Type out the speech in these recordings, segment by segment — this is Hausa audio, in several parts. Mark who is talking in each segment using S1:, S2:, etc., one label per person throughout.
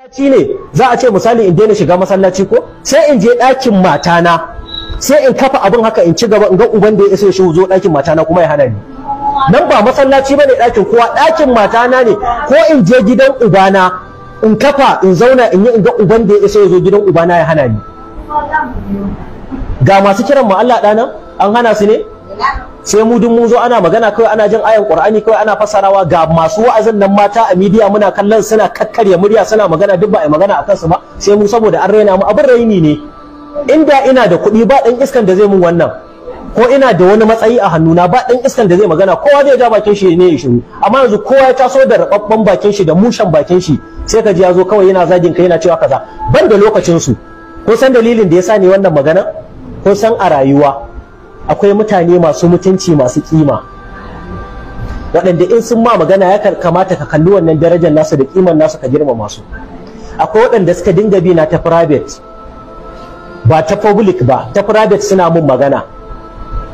S1: masallaci ne za a ce misali in daina shiga masallaci ko sai in je ɗakin matana sai in kafa abin haka in ci gaba in ga uban da ya isa shi zo ɗakin matana kuma ya hana ni nan ba masallaci bane ɗakin kowa ɗakin matana ne ko in je gidan ubana in kafa in zauna in yi in ga uban da ya isa ya zo gidan ubana ya hana ni ga masu kiran mu Allah ɗana an hana su ne sai mu duk mun zo ana magana kawai ana jin ayan qur'ani kawai ana fasarawa ga masu wa'azin nan mata a media muna kallon suna kakkarya murya suna magana duk ba a magana akan su ba sai mu saboda an raina mu abin raini ne inda ina da kuɗi ba ɗan iskan da zai mun wannan ko ina da wani matsayi a hannuna ba ɗan iskan da zai magana kowa zai ja bakin shi ne ya shiru amma yanzu kowa ya taso da rababban bakin shi da mushen bakin shi sai ka ji ya zo kawai yana zagin kai yana cewa kaza ban da lokacin su ko san dalilin da ya sa ni wannan magana ko san a rayuwa akwai mutane masu mutunci masu kima waɗanda in sun ma magana ya kamata ka kalli wannan darajar nasu da kiman nasu ka girmama su akwai waɗanda suka dinga bi na ta private ba ta public ba ta private suna mun magana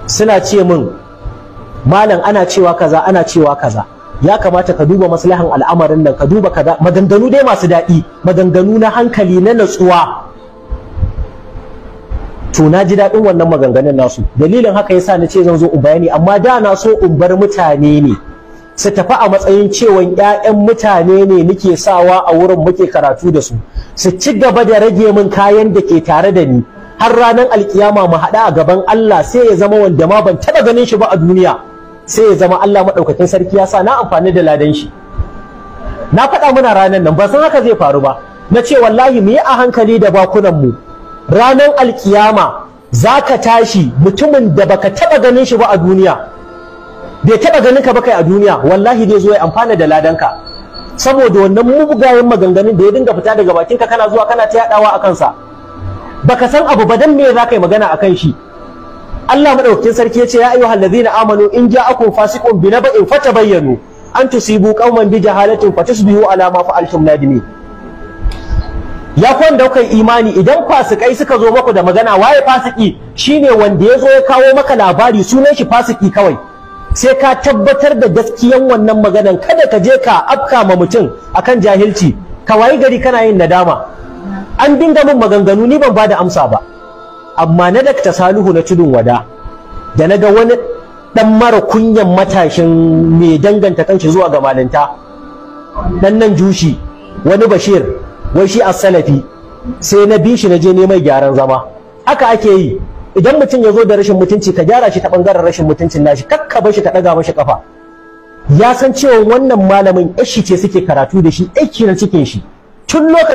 S1: suna ce mun, malam ana cewa kaza ana cewa kaza ya kamata ka duba maslahan al'amarin nan ka duba kaza maganganu dai masu daɗi maganganu na hankali na natsuwa to na ji daɗin wannan maganganun nasu dalilin haka yasa na ce zan zo in bayani amma da na so in bar mutane ne su tafi a matsayin cewan ƴaƴan mutane ne nake sawa a wurin muke karatu da su su ci gaba da rage min kayan da ke tare da ni har ranar alkiyama mu haɗa a gaban Allah sai ya zama wanda ma ban taɓa ganin shi ba a duniya sai ya zama Allah maɗaukakin sarki ya sa na amfani da ladan shi na faɗa muna ranar nan ba san haka zai faru ba na ce wallahi mu yi a hankali da bakunan mu ranar alkiyama za ka tashi mutumin da baka taɓa ganin shi ba a duniya bai taɓa ganin ka ba kai a duniya wallahi zai zo ya amfana da ladanka saboda wannan mugayen maganganun da ya dinga fita daga bakinka kana zuwa kana ta yadawa a kansa baka san abu ba dan me za ka yi magana akan shi Allah madaukakin sarki ya ce ya ayyuhal ladzina amanu in ja'akum fasiqun bi naba'in fatabayyanu an tusibu qauman bi jahalatin fatusbihu ala ma fa'altum nadimin ya kwan da imani idan fasikai suka zo maku da magana waye fasiki shine wanda ya zo ya kawo maka labari sunan shi fasiki kawai sai ka tabbatar da gaskiyan wannan maganan kada ka je ka afka ma mutum akan jahilci ka wayi gari kana yin nadama an dinga min maganganu ni ban bada amsa ba amma na dr Salihu na tudun wada da na ga wani dan mara kunyan matashin mai danganta kanshi zuwa ga malinta dan nan jushi wani bashir wai shi as-salafi sai na bi shi na je neman gyaran zama haka ake yi idan mutum ya zo da rashin mutunci ka gyara shi ta bangaren rashin mutuncin nashi kakka bar shi ka daga mashi kafa ya san cewa wannan malamin shi ce suke karatu da shi aiki na cikin shi tun lokacin